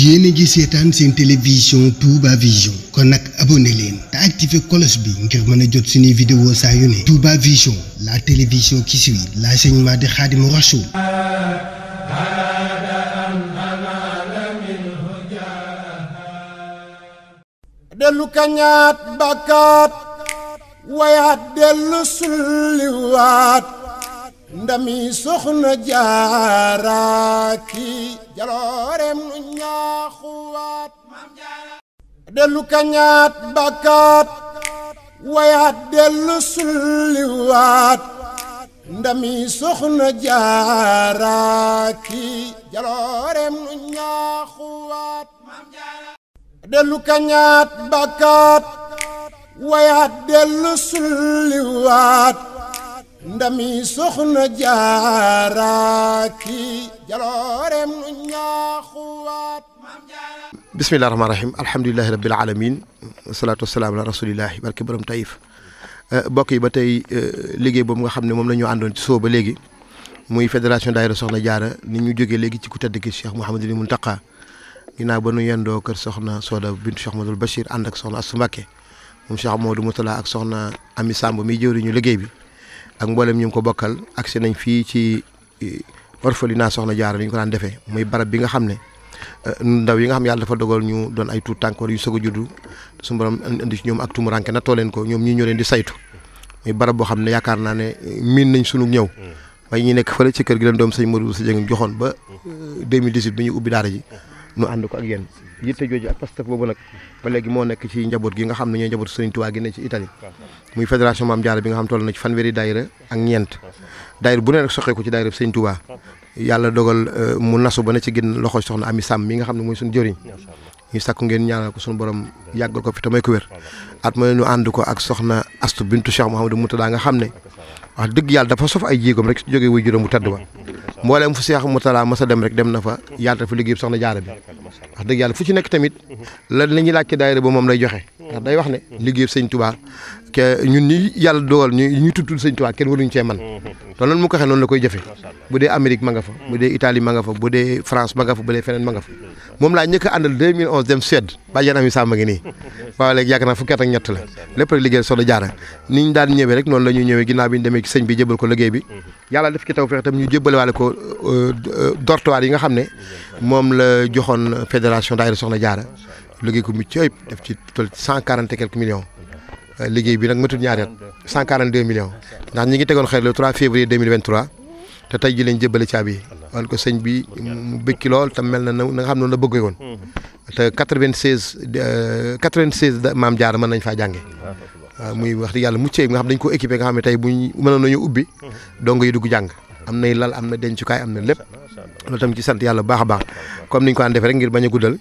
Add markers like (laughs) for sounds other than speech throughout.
yéen a ngi seetaan seen télévision Touba Vision kon nag abonné leen te activé cloche bi ngir mën a jot suñuy vidéo saa yu ne Touba Vision la télévision qui suit l'enseignement de Khadimou Rassoul dellu kañaat bakkaat wayaat dellu sulliwaat ndami soxna jaaraaki jaloorem nu ñaaxuwaat dellu kañaat bakkaat wayaat dellu sulliwaat ndami soxna jaaraaki jaloorem nu ñaaxuwaat dellu kañaat bakkaat wayaat dellu sulliwaat ndami soxna jaaraaki jaloorem nu ñaaxuwaat bismillahi rahmaani rahim alhamdulilahi rabbil alamin wasalaatu wasalaamu ala rasulillahi barke borom tayif eh, bokk yi ba tey eh, liggéey boobu nga xam ne moom la ñu àndoon ci soo ba léegi muy fédération daayira soxna jaara ni ñu jógee léegi ci ku tedd ki ni Mouhamadul Muntaqa ginnaaw ba nu yendoo kër soxna Soda bintu Cheikh Madul Bachir ànd ak soxna Assou Mbacké moom Cheikh Amadou Moutala ak soxna Ami Samb miy jëwriñu liggéey bi ak mboolem ñu ngi ko bokkal agsi nañ fii ci e, orphelinat Soxna Jaara li ñu ko daan defee muy barab bi nga xam ne e, ndaw yi nga xam yàlla dafa dogal ñu doon ay tuut tànk wala yu soog a juddu su borom indi ci ñoom ak tumu na nattoo leen ko ñoom ñii ñoo leen di saytu muy barab boo xam ne yaakaar naa ne e, miin nañ sunu ñëw. waaye ñu nekk fële ci kër gi leen doom sëñ Modou Sa Dieng joxoon ba 2018 bi ñu ubbi daara ji nu ànd ko ak yéen. yitte jooju ak pastef boobu nag ba léegi moo nekk ci njaboot gi nga xam ne ñooy njabootu Serigne Touba gi ne ci Italie muy fédération Mame Diarra bi nga xam toll na ci fanweeri daayira ak ñeent daayira bu ne rek soxee ko ci daayira Serigne Touba yàlla dogal euh, mu soxna Ami Sam mi nga xam ne mooy suñu jëriñ ñu sakku ngeen ñaanal ko suñu borom yàggal ko fi te ko wér at mooy ñu ànd ko ak soxna Astu bintu Cheikh Mouhamadou Moutada nga xam ne wax dëgg yàlla dafa sof ay jéegoom rek su jógee wuy juróom bu tedd ba mbooleem fu seex mu talaa mas a dem rek dem na fa yaatal fa liggéey soxna jaara bi wax dëgg yàlla fu ci nekk tamit la li ñuy laaj ci daayira ba moom lay joxe ndax day wax ne liggéey sëñ Tuubaa ke ñun ñi yàlla dogal ñu ñu tuddul sëñ Tuubaa kenn waruñu cee man mm-hmm. te loolu mu ko noonu la koy jëfe bu dee Amérique ma fa bu dee Italie ma fa bu dee France ma fa bu dee feneen ma fa moom laa njëkk a àndal 2011 dem Suède ba (laughs) yanam naa bi ñu demee ci sëñ bi ko liggéey mm-hmm. ci taw euh, def ci toll cent quarante et quelques liggéey bi nag matul ñaari at 142 millions ndax ñi ngi tegoon xel le 3 février 2023 te tey ji lañ jëbbale caabi yi wala ko sëñ bi mu bëkki lool te mel na na nga xam noonu la bëggee woon te 96 96 euh, maam jaar mën nañ faa jànge muy wax dëgg yàlla muccee bi nga xam ne nañu ubbi dong yi dugg jàng am nay lal am na dencukaay am na lépp loolu tam ci sant yàlla baax a baax comme ni ñu ko daan defee rek ngir bañ a guddal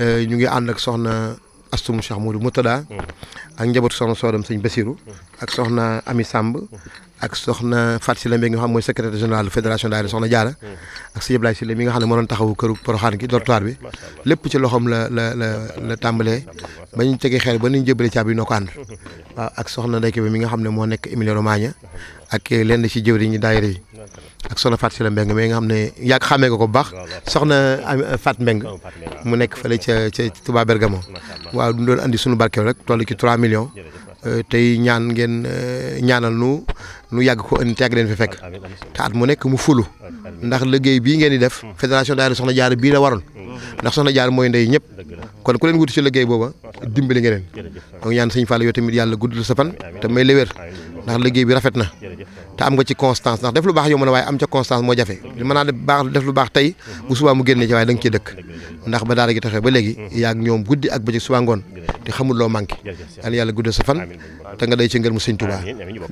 euh, ñu ngi ànd ak soxna astum Cheikh ak njaboot soxna Soodam sëñ Basiru ak soxna Ami Samb ak soxna Fat Sile mi nga xam mooy secrétaire général fédération daayira soxna Jaara ak sëñ Ablaye Sile mi nga xam ne moo doon taxawu këru Poroxaan gi dortoir bi lépp ci loxoom la la la la tàmbalee ba ñu tegee xeer ba ñu jëbale caabi noo ko ànd waaw ak soxna Ndeyke bi mi nga xam ne moo nekk Emilia Romagna ak lenn ci jëwriñu daayira yi ak soxna Fatou Sylla Mbeng mais nga xam ne yàgg xàmmee nga ko bu baax soxna Fatou Mbeng mu nekk fa ca ca Touba Bergamo waaw du doon andi suñu barkeel rek toll ci 3 millions euh, tey ñaan ngeen euh, ñaanal nu nu yàgg ko indi te yàgg leen fekk te mu nekk mu fulu ndax liggéey bii ngeen di def hmm. fédération daayira soxna jaar bii la waroon hmm. ndax soxna Jaara mooy ndey ñëpp kon ku leen wuti ci liggéey booba dimbali ngeen donc ñaan sëñ Fall yow tamit yàlla guddal sa fan te may la ndax liggéey bi rafet na te am nga ci constance ndax def lu baax yomb na waaye am ca constance moo jafe mën naa baax def lu baax tey bu subaa mu génnee ci waaye da nga dëkk ndax ba daara gi taxee ba léegi yaa ngi ñoom guddi ak bëccëg subaa ngoon te xamul loo manqué yal yàlla guddal sa fan te nga day ci ngër mu sëñ Tuubaa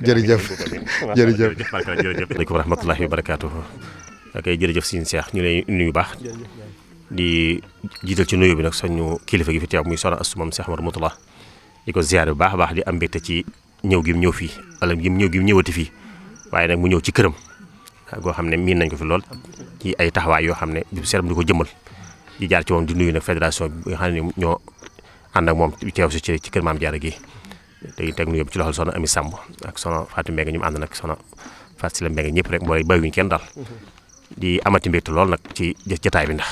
jërëjëf (laughs) jërëjëf aleykum wa rahmatullahi ñu lay nuyu baax di jiital ci nuyu bi nag suñu kilifa gi fi teew muy soxna Astou Mame Cheikh Mouhamadou Mourtada di ko ziyaar bu baax baax di am mbégte ci ñëw gi mu ñëw fii wala gi mu ñëw gi mu ñëwati fii waaye nag mu ñëw ci këram goo xam ne mii nañ ko fi lool ci ay taxawaay yoo xam ne du seeram di ko jëmmal di jaar ci moom di nuyu nag fédération bi nga xam ne ñoo ànd ak ci kër maam Diarra gi dañuy teg nuyu bi ci loxol soxna Ami Samb ak soxna Fatou Mbengue ñu ànd nag soxna Fatou Sylla Mbengue ñëpp rek mooy bàyyiwuñ kenn daal di amati mbégte lool nag ci jotaay bi ndax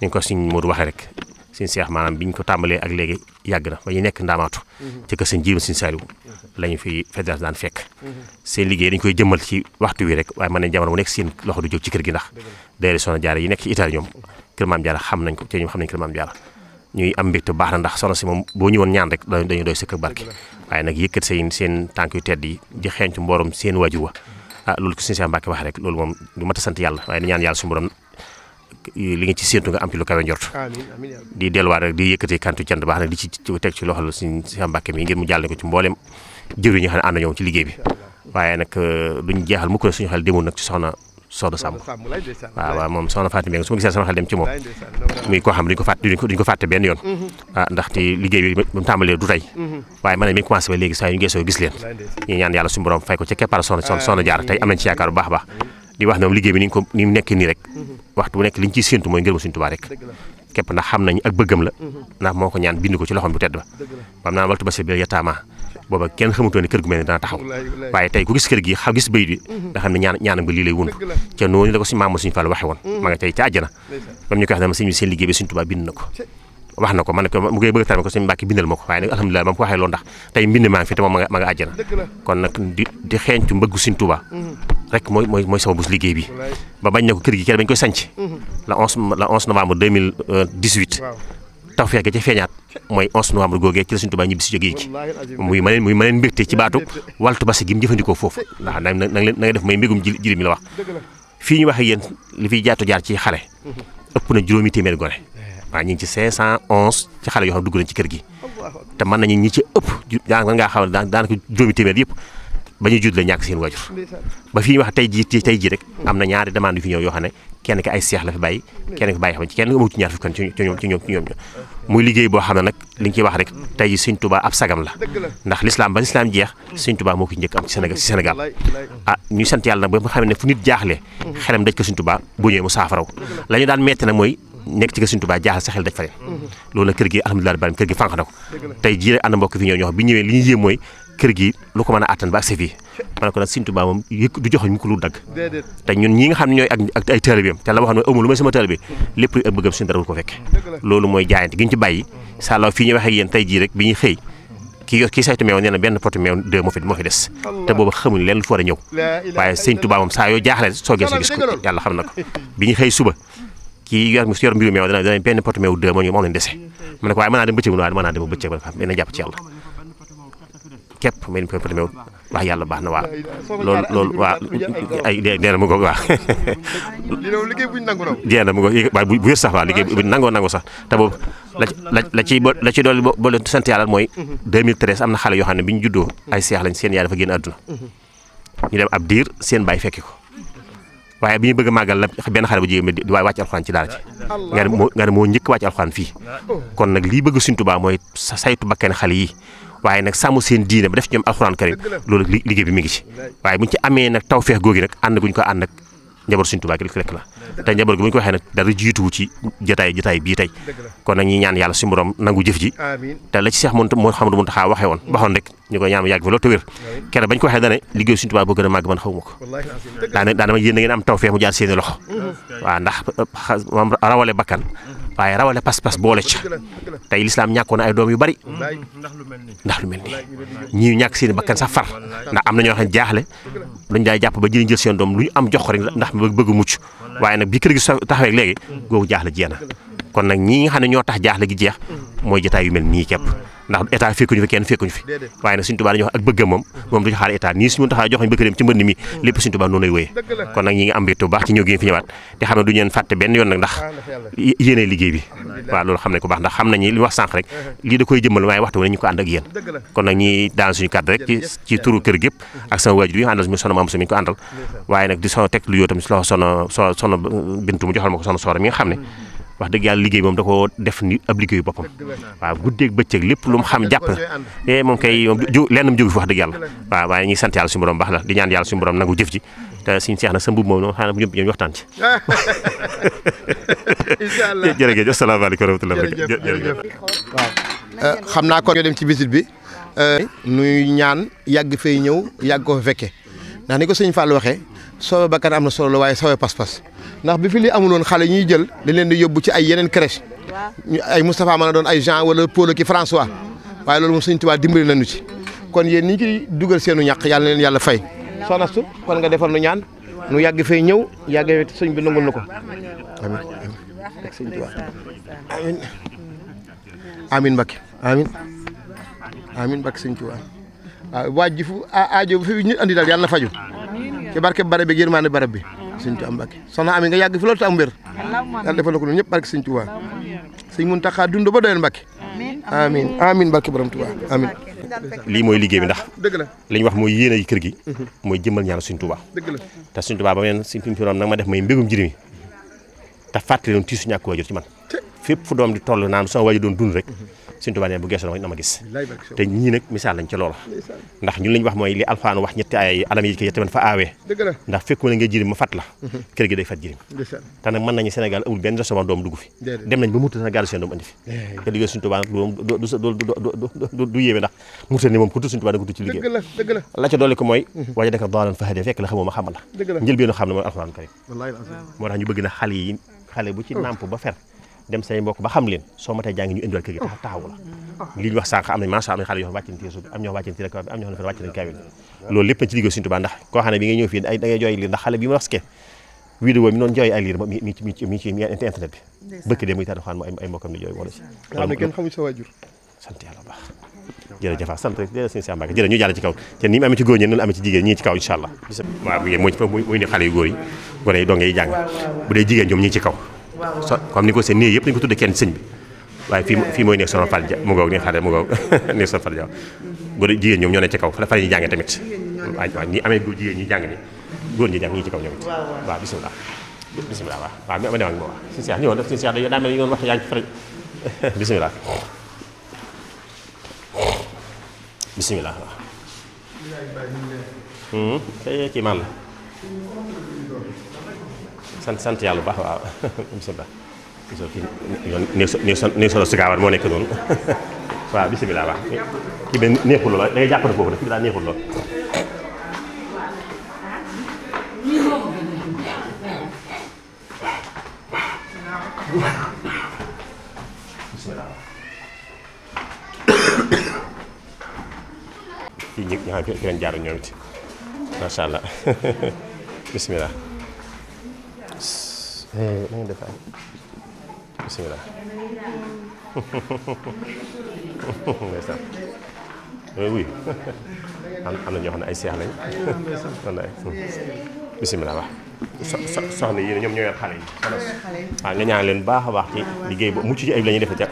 ni nga ko suñ Modou waxee rek sëñ Seex maanaam biñ ko tàmbalee ak léegi yàgg na ba ñu nekk ndaamaatu mhm. ci kër sëñ Jirim sëñ Saaliw la ñu fi fédération daan fekk mhm. seen liggéey dañ koy jëmmal ci waxtu wi rek waaye man nañ jamono bu nekk seen loxo du jóg ci kër gi ndax daayira Soxna Jaara yi nekk ci Italie ñoom kër Maam Jaara xam nañ ko ci ñoom xam nañ kër Maam Jaara ñuy am mbégte baax na ndax soxna si moom boo ñëwoon ñaan rek dañu doy sa kër barke waaye nag yëkkat seen seen tànk yu tedd yi di xeeñtu mboorom seen waajur wa ah loolu ko sëñ Seex Mbàkke wax rek loolu moom du a sant yàlla li nga ci séentu nga am ci lu kawe njort di delluwaat rek di yëkkati kantu cant baax na di ci teg ci loxol suñ Cheikh Mbacke mi ngir mu jàll euh, nag ci liggéey bi ba mu tàmbalee du tey mm-hmm. waaye man mi commencé ba léegi saa yu ñu geesoo gis leen ñaan yàlla suñu fay ko ci keppaar soxna soxna jaar tey am nañ ci yaakaar baax baax di wax na moom liggéey bi ni ko ni nekk nii rek waxtu bu nekk liñ ciy séentu mooy ngërëmu Sëriñ Tuubaa rek képp ndax xam nañ ak bëggam la ndax moo ko ñaan bind ko ci loxoom bu tedd ba bam naa waltu basi bi yataama booba kenn xamutoo ne kër gu mel ne dana taxaw waaye tey ku gis kër gi xam gis bayit bi mm-hmm. nga xam ne ñaan ñaanam ba lii lay wund ca noonu la ko suñu maam Sëriñ Fallu waxe woon mm-hmm. ma nga tey ca àjjana bam ñu koy wax ne ma seen liggéey bi Sëriñ wax na ko man ko mu koy bëgg tarme ko suñu mbàkki bindal ma ko waaye nag alhamdulilah ba mu ko waxee loolu ndax tey mbind maa ngi fi te moom ma nga ma kon nag di di mbëggu Sëñ Tuubaa mm-hmm. rek mooy mooy mooy sama bus liggéey bi ba bañ na ko kër gi kenn bañ koy sanc mm-hmm. la 11 la 11 novembre 2018 taw feex ga ca feeñaat mooy 11 novembre googee ci la Sëñ Tuubaa ñibbi si jógee ci muy ma leen muy ma leen mbégte ci baatu waltu basi gi mu jëfandikoo foofu ndax na na nga def mooy mbégum jilim la wax fii ñu wax ak yéen li fi jaatu jaar ci xale mm-hmm. ëpp na juróomi téeméer gone waaw ñu ngi ci 511 ci xale yoo xam ne dugg nañ ci kër gi te mën nañu ñi ci ëpp daanaka juróomi téeméer yëpp ba ñu judd la ñàkk seen waajur ba fii ñu wax tey jii tey jii rek am na ñaari demande fi ñëw yoo ne kenn ki ay seex la fi bàyyi kenn ki bàyyi xam ci kenn muy liggéey boo xam ne nag li ñu ciy wax rek tey jii Sëñ Tuubaa ab sagam la ndax lislaam ba lislaam jeex Sëñ Tuubaa moo ko njëkk am ci Sénégal ci Sénégal ah ñu sant yàlla nag ba nga xam ne fu nit jaaxle mm-hmm. xelam daj nekk ci kër Sëriñ Tuubaa jaaxal sa xel daj fare loolu nag kër gi alhamdulilah barim kër gi fànq na ko tey jii ànd mbokk fi ñëw ñoo xam bi ñëwee yéem mooy kër gi lu ko mën a àttan ba ak sa fii ma ne ko nag moom lu may sama taalibe lépp luy ak suñu dara ko fekk loolu mooy jaayante gi ñu ci bàyyi sàllaaw fii ñu waxee yéen tey jii rek bi ñuy xëy kii saytu meew nee na benn pot meew deux moo fi moo fi des te boobu xamuñ leen lu fi war a ñëw kii yor yor mbiru meew dana danañ benn pot meew deux moo ñu moom lañ dese ma ne ko waaye mën naa dem bëccëg mu ne waaye mën naa dem bëccëg ba mën na jàpp ci yàlla képp mën pot meew wax yàlla baax na waaw loolu loolu waa ay deena mu ngoog waa deena mu ngoog waaye bu wér sax waaw liggéey bu nangoo nangoo sax te boobu la la ci la ci dool ba leen sant yàlla mooy 2013 am na xale yoo xam ne bi ñu juddoo ay seex lañ seen yaay dafa génn àdduna mhm. ñu dem ab diir seen baay fekki ko waaye bi ñu bëgg a la benn xale bu jigéen bi waaye wàcc alxuraan ci daara ci nga ne moo nga ne moo njëkk wàcc alxuraan fii oh. kon nag lii bëgg Sëriñ Tuubaa mooy saytu bakkeen xale yi waaye nag sàmm seen diine ba def ci ñoom alxuraan karim loolu liggéey bi mi ngi ci waaye buñ ci amee nag tawfeex googi nag ànd guñ ko ànd nag njaboot suñ Tuubaa gi rek la te njaboot gi bu ñu ko waxee nag dara jiituwu ci jotaay jotaay bii tey kon nag ñi ñaan yàlla suñu borom nangu jëf ji te la ci Seex Mouhamadou Mountakha taxaa waxee woon waxoon rek ñu koy ñaan mu fi loolu te wér kenn bañ ko waxee dane liggéey suñ boo gën a màgg man xaw ko daana daana ma yéen da ngeen am tawfeex mu jaar seeni loxo waaw ndax rawale bakkan waaye rawale pas-pas boole ca tey lislaam ñàkkoon na ay doom yu bari ndax lu mel nii ñii ñàkk seen kan sax far ndax am na ñoo xam ne jaaxle dañu daay jàpp ba jëriñ jël seen doom lu ñu am jox ko rek ndax bëgg mucc waaye nag bi kër gi taxawee léegi googu jaaxle jeex na kon nag ñii nga xam ne ñoo tax jaaxle gi jeex mm. mooy jotaay yu mel nii képp mm. ndax état fekkuñu fi kenn fekkuñu fi waaye nag Sëriñ Tuubaa moom moom du ci xaar état nii suñu taxaa jox ñu bëgg dem ci mbënd mi mm. lépp Sëriñ Tuubaa xam ne ko baax ndax xam nañu li wax sànq rek uh-huh. lii da ko ànd ak yéen kon nag ñi daan suñu kàddu rek ci ci turu kër gépp ak sama waajur yi àndal suñu sono maam suñu ko àndal waaye nag di sono teg lu yoo tam si loxo sono sono bintu mu joxal ma ko sono soora mi nga xam ne wax dëgg yàlla liggéey moom da ko def ni ab liggéeyu boppam waaw guddeeg bëccëg lépp lu mu xam jàpp na e moom kay moom ju lenn mu jógu fi wax dëgg yàlla waaw waaye ñuy sant yàlla suñu borom baax la di ñaan yàlla suñu borom nangu jëf ji te suñu seex na sa mbub moom noonu xanaa ñëpp ñoom waxtaan ci (laughs) incha allah (laughs) eh, xam naa kon ñoo dem ci bi eh, nuy ñaan yàgg fay ñëw yàgg ko fekke ndax ni ko sëñ Fall waxee soobe bakkan am na solo waaye soobe pas-pas ndax bi fi amuloon xale ñuy jël li leen di yóbbu ci ay yeneen crèche ay Moustapha mën a doon ay Jean wala Paul ki François waaye loolu moom Sëñ Tuubaa dimbali nañu ci kon yéen ñi ci dugal seenu ñàq yàlla leen yàlla fay soxna su kon nga defal nu ñaan nu yàgg fee ñëw yàgg sëñ bi nangul na ko amin sëñ amin amin Mbakke amin amin Mbakke sëñ Tuubaa waaw waaj ji fu aajo bu andi daal yàlla na faju ci barke barab bi yërmaane barab bi sëñ Tuubaa Mbàkke soxna Ami nga yàgg fi loolu te am wér yàlla defal na ko ñun ñëpp barke sëñ Tuubaa sëñ Muntaxa dund ba doyal Mbàkke amin amin barke borom Tuubaa amin lii mooy liggéey bi ndax dëgg la li ñu wax mooy yéene yi kër gi mhm. mooy jëmmal ñaanu sëñ Tuubaa dëgg la te sëñ Tuubaa ba meen sëñ fi mu nag ma def may mbégum jërimi te fàttali doon tii su ñàkk waajur ci man fépp fu doom di toll naan sama waajur doon dund rek mhm. Sëriñ Tuubaa nee bu geesoo na ma gis te ñii nag misaal lañ ci loolu ndax ñun li ñu wax mooy li alxuraan wax ñetti ay alam yi ko yette man fa aawee ndax mhm. na ba muta na gàllu seen doom andi fi te la ca dolli ko mooy mhm. waaja daka daalan fahade fekk la xamoo ma xamal la njël benn xam ne mooy alxuraan karim moo tax ñu bëgg na xale yi xale bu ci oh. nàmp ba fer dem say mbokk ba xam leen soo matee jàngi ñu indiwal kër gi tax taxawu la li ñu wax sànq am nañ macha am nañ xale yoo xam wàccante suuf kaw bi am ñu jàll ci kaw te ni mu amee ci góor ñi noonu amee ci jigéen ñii ci kaw so comme ni ko seen nii yëpp dañu ko tuddee kenn sëñ bi waaye fii fii mooy nekk Soxna Fall Dia mu ngoog ni xaare mu ngoog (laughs) nekk Soxna Fall Dia bu mm-hmm. jigéen ñoom ñoo ne ci kaw fa la ñuy jàngee tamit waaw waaw ñi amee góor jigéen ñi jàng ni góor ñi jàng ñii ci kaw ñoom it waaw bisimilah bisimilah waaw waaw ma dem ak moom waaw si seex ñëwoon def si seex daa mel ni ñu doon wax yaa ngi fere (laughs) bisimilah bisimilah waaw hmm? kay kii man la sant sant yàlla bu baax waaw bisimilah. (laughs) bisimilah moo nekk noonu (laughs) waaw bisimilah waaw kii bi neexul lool da ngay jàpp foofu rek kii bi neexul lool. (coughs) fii allah (laughs) bisimilah. na ngeen def ay ñoo xam ne ay seex lañ. wallaay bisimilah waaw. so soxna yi ñoom ñoo yor xale yi. waaw nga ñaan leen baax a baax ci liggéey bu mucc ci ayib la ñuy defee ca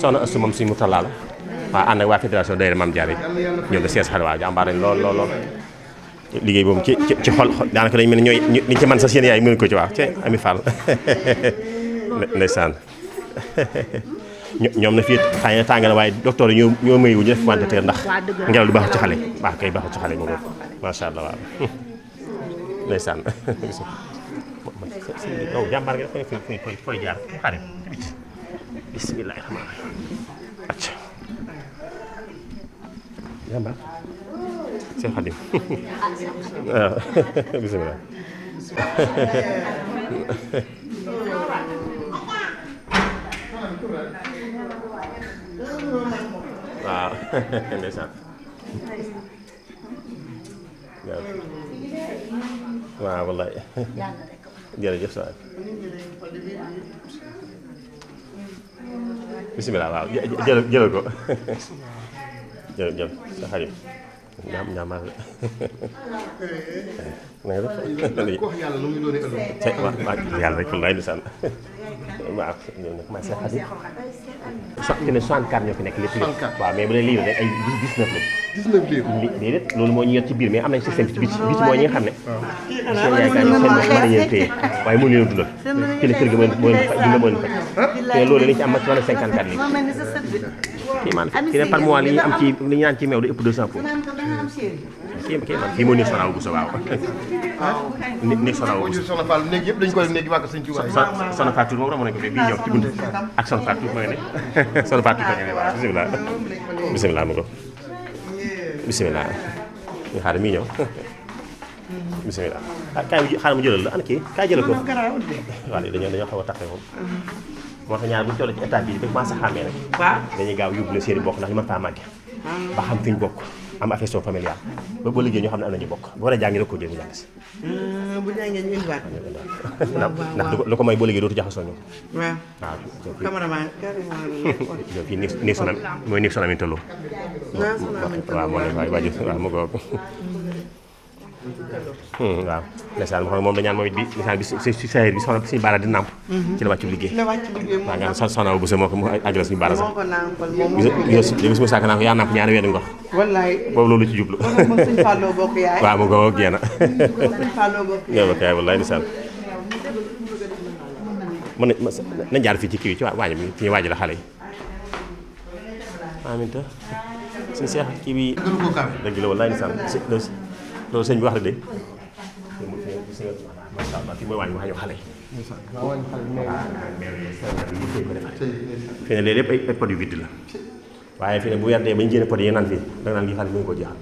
soxna Astou moom si mu talaa la. waaw ànd ak waa fédération daayira Maam Jaara ñoo nga sees xale waa jàmbaar lañ lool lool lool. liggéey boobu ci ci xol daanaka dañ mel ne ñooy liñ ci man sa seen yaay mënu ko ci waaw ci ami Fall (laughs) ndeysaan ñoom na fii xëy na tàngal waaye docteur yi ñoo ngelaw lu baaxul ci xale baax kay baaxul ci xale moom macha allah waaw (laughs) ndeysaan yow Cheikh Khadim waaw bisimilah waaw ndeysaan waaw wallaay jërëjëf saa waaw jë jëlal ko jël jël ñaam ñaamaal na nga def ko wax yàlla lu maa seet xarit sax te ne 64 ñoo fi nekk lépp lépp waaw mais bu dee livre rek ay 19 la loolu moo ñu yot ci biir mais am nañ système bi ci bici mooy ñi xam ne ah. seen yaakaar seen a waaye mënu leen dundal ci la kër gi mooy mooy dundal mooy faj loolu li ci am ma ci mën a 54 livre kii maanaam kii ne par mois li ñu am ci li ñu naan ci meew du ëpp 200 pour kii kii man kii moo nekk soxna Awa Bousso waaw. nekk soxna Awa Bousso soxna Fall néeg yëpp dañu koy nekk wàkk sëñ Tuubaa soxna Fatou moom romb nañ ko fii bii ñëw ci bunt ak soxna Fatou ma nga ne soxna Fatou ma nga ne waaw bisimilah bisimilah mu ko bisimilah ñu xaar mi ñëw bisimilah ah kaay xaaral ma jëlal la ana kii kaay jëlal ko waaw léegi dañoo dañoo xaw a taqe moom moo tax ñaar bu ñu toll ci état bi ba commencé xàmmee rek dañuy gaaw yóbbu la seen i bokk ndax ñu mën faa màgge ba xam fi ñu bokk am affection familiale ba boo ñoo xam ne am nañu bokk bu war a jàngi rek ko jël mu jàng si euh, bu jàngee ñu indiwaat lu ko may boo liggéey dootu jaxasoo ñoom waaw waaw cameraman carrément (laughs) mooy néeg sonam yi tëlloo waaw moo ne waaw waaw mu ko Hmm, waaw ndeysaan moo xam moom dañaan moom it bi ndeysaan bi si saer bi di nàmp mhm. ci la wàccu liggéey waaw nga xam soxna bu sa moo ko mu àggale suñu baara sax gis (laughs) mu sàkk naa ko a (laughs) bokk yaay wallaay ndeysaan mën fii ci kii ci waañ bi fi ñu la xale yi aminta loolu sëñ bi wax na de macha allah fi mooy wàññi waañu xale fi ne léegi lépp ay pot yu vide la waaye fi ne bu weer dee ba ñu jëlee pot yi naan fii danga naan lii xale mu ko jeexal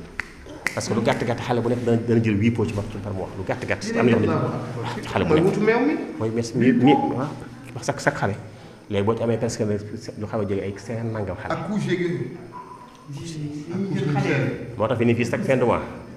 parce que lu gàtt gàtt xale bu nekk dana dana jël huit pots ci par mois lu gàtt gàtt am na yoo xam ne xale bu nekk mooy mes mi wax sax sax xale léegi boo ci amee presque lu xaw a jege ay seen nangam xale moo tax fi ne fii chaque fin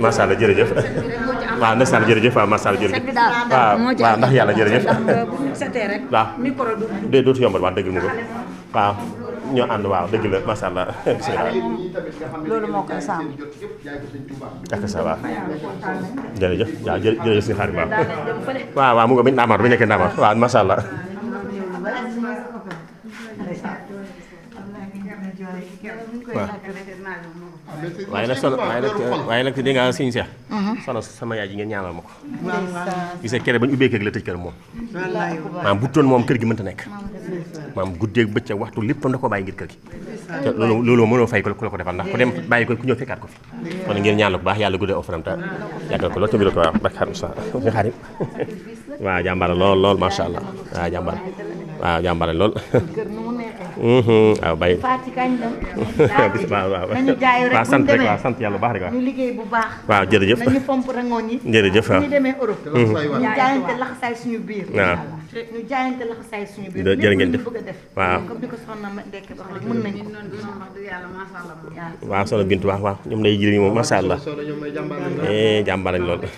macha allah jërëjëf waaw na ndax yàlla jërëjëf waaw de dootu yombal waaw dëgg mu ko waaw ñoo ànd waaw dëgg la macha allah (laughs) loolu moo koy sàmm ak sa waaw jërëjëf waaw jërëjëf si xarit waaw waaw waaw mu nga mi ndaamaar bi nekkee ndaamaar waaw macha waaye nag sono waaye nag waaye nag dégg nga sëñ Seex sono sama yaay ji ngeen ñaanal ma ko gis kere ba ñu ubbee kër gi la tëj kër moom maam bu toon moom kër gi mënta nekk maam guddeeg bëccëg waxtu lépp da ko bàyyi ngir kër gi te loolu loolu mënoo fay ko ku ko defal ndax ko ku ñëw fekkaat ko fi kon ngeen ñaanal baax yàlla guddee aw fanam ta yàggal ko lool te bi la ko waaw bakkaar usa nga xarim waaw jàmbaar lool lool macha allah waaw jàmbaar waaw jàmbaar lool (laughs) waaw mm-hmm. bàyyi Fatou kañ la. (laughs) waaw waaw nañu sant rek waaw sant yàlla bu baax rek waaw. ñu liggéey jërëjëf nañu pomp rangoon yi. jërëjëf waaw ñu demee Europe. Mm-hmm. ñu jaayante laxasaay suñu biir. waaw ñu jaayante laxasaay suñu biir. jërë ngeen ko waaw soxna Bintu waaw waaw ñoom lay jëriñ moom macha allah. jàmbaar lañ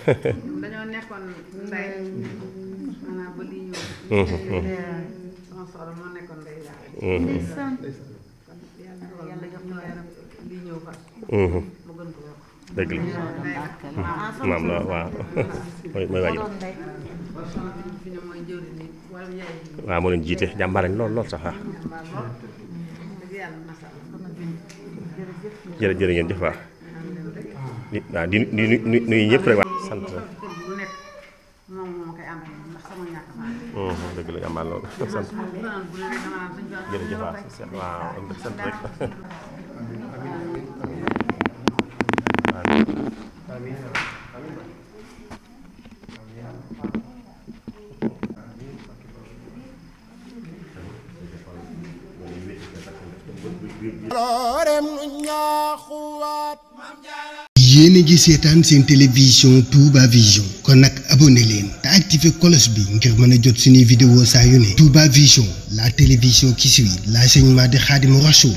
dëgg la maam la waaw mooy mooy waajur waaw moo leen jiite jàmbaare lool lool sax waaw jërë jërë ngeen jëf waaw di waaw di di nuyu ñëpp rek dëgg la yàmbaal loolu (laughs) sant jërëjëf ah, waaw waaw am na sant rek yéen a ngi seetaan seen télévision Touba Vision kon nag abonné leen te activé cloche bi ngir mën a jot suñuy vidéo saa yu ne Touba Vision la télévision la suit l'enseignement de Khadimou Rassoul